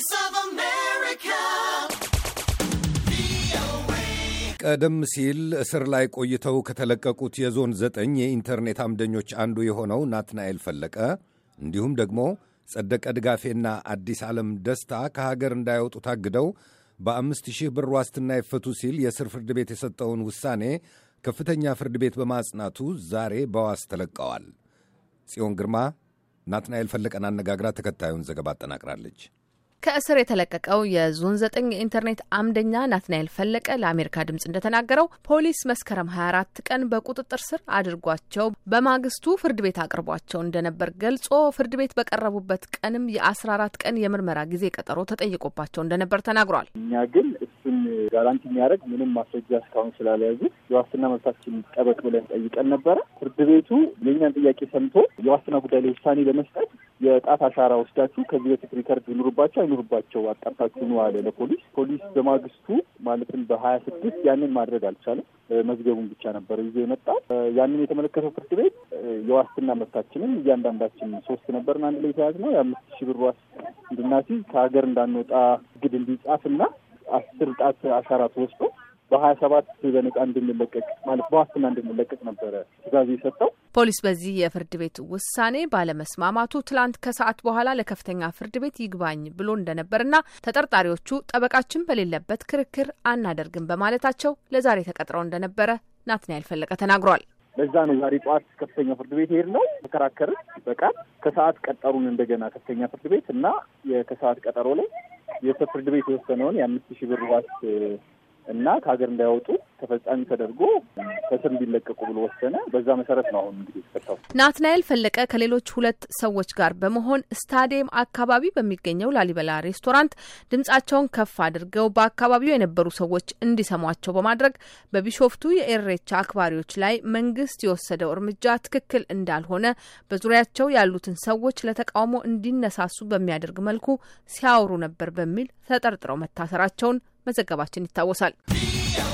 Voice of America. ቀደም ሲል እስር ላይ ቆይተው ከተለቀቁት የዞን ዘጠኝ የኢንተርኔት አምደኞች አንዱ የሆነው ናትናኤል ፈለቀ እንዲሁም ደግሞ ጸደቀ ድጋፌና አዲስ ዓለም ደስታ ከሀገር እንዳይወጡ ታግደው በአምስት ሺህ ብር ዋስትና ይፈቱ ሲል የእስር ፍርድ ቤት የሰጠውን ውሳኔ ከፍተኛ ፍርድ ቤት በማጽናቱ ዛሬ በዋስ ተለቀዋል። ጽዮን ግርማ ናትናኤል ፈለቀን አነጋግራ ተከታዩን ዘገባ አጠናቅራለች። ከእስር የተለቀቀው የዞን ዘጠኝ የኢንተርኔት አምደኛ ናትናኤል ፈለቀ ለአሜሪካ ድምጽ እንደተናገረው ፖሊስ መስከረም 24 ቀን በቁጥጥር ስር አድርጓቸው በማግስቱ ፍርድ ቤት አቅርቧቸው እንደነበር ገልጾ ፍርድ ቤት በቀረቡበት ቀንም የ14 ቀን የምርመራ ጊዜ ቀጠሮ ተጠይቆባቸው እንደነበር ተናግሯል። እኛ ግን እሱን ጋራንቲ የሚያደርግ ምንም ማስረጃ እስካሁን ስላለያዙ የዋስትና መብታችን ጠበቅ ብለን ጠይቀን ነበረ። ፍርድ ቤቱ የእኛን ጥያቄ ሰምቶ የዋስትና ጉዳይ ላይ ውሳኔ ለመስጠት የጣት አሻራ ወስዳችሁ ከዚህ በፊት ሪከርድ ይኑርባቸው አይኑርባቸው አጣርታችሁ ነው አለ ለፖሊስ። ፖሊስ በማግስቱ ማለትም በሀያ ስድስት ያንን ማድረግ አልቻለም። መዝገቡን ብቻ ነበር ይዞ የመጣ። ያንን የተመለከተው ፍርድ ቤት የዋስትና መብታችንን እያንዳንዳችን ሶስት ነበርን አንድ ላይ የተያዝ ነው የአምስት ሺህ ብር ዋስ እንድናስይዝ ከሀገር እንዳንወጣ ግድ እንዲጻፍና አስር ጣት አሻራ ተወስዶ በሀያ ሰባት በነጻ እንድንለቀቅ ማለት በዋስትና እንድንለቀቅ ነበረ ትእዛዝ የሰጠው። ፖሊስ በዚህ የፍርድ ቤት ውሳኔ ባለመስማማቱ ትላንት ከሰዓት በኋላ ለከፍተኛ ፍርድ ቤት ይግባኝ ብሎ እንደነበርና ተጠርጣሪዎቹ ጠበቃችን በሌለበት ክርክር አናደርግም በማለታቸው ለዛሬ ተቀጥረው እንደነበረ ናትናኤል ፈለቀ ተናግሯል። ለዛ ነው ዛሬ ጠዋት ከፍተኛ ፍርድ ቤት ሄድ ነው ተከራከርን። በቃል ከሰዓት ቀጠሩን እንደገና ከፍተኛ ፍርድ ቤት እና ከሰዓት ቀጠሮ ላይ የፍርድ ቤት የወሰነውን የአምስት ሺህ ብር ዋስ እና ከሀገር እንዳያወጡ ተፈጻሚ ተደርጎ ከስር እንዲለቀቁ ብሎ ወሰነ። በዛ መሰረት ነው አሁን እንግዲህ የተፈታው። ናትናኤል ፈለቀ ከሌሎች ሁለት ሰዎች ጋር በመሆን ስታዲየም አካባቢ በሚገኘው ላሊበላ ሬስቶራንት ድምጻቸውን ከፍ አድርገው በአካባቢው የነበሩ ሰዎች እንዲሰሟቸው በማድረግ በቢሾፍቱ የኤሬቻ አክባሪዎች ላይ መንግስት የወሰደው እርምጃ ትክክል እንዳልሆነ በዙሪያቸው ያሉትን ሰዎች ለተቃውሞ እንዲነሳሱ በሚያደርግ መልኩ ሲያወሩ ነበር በሚል ተጠርጥረው መታሰራቸውን መዘገባችን ይታወሳል።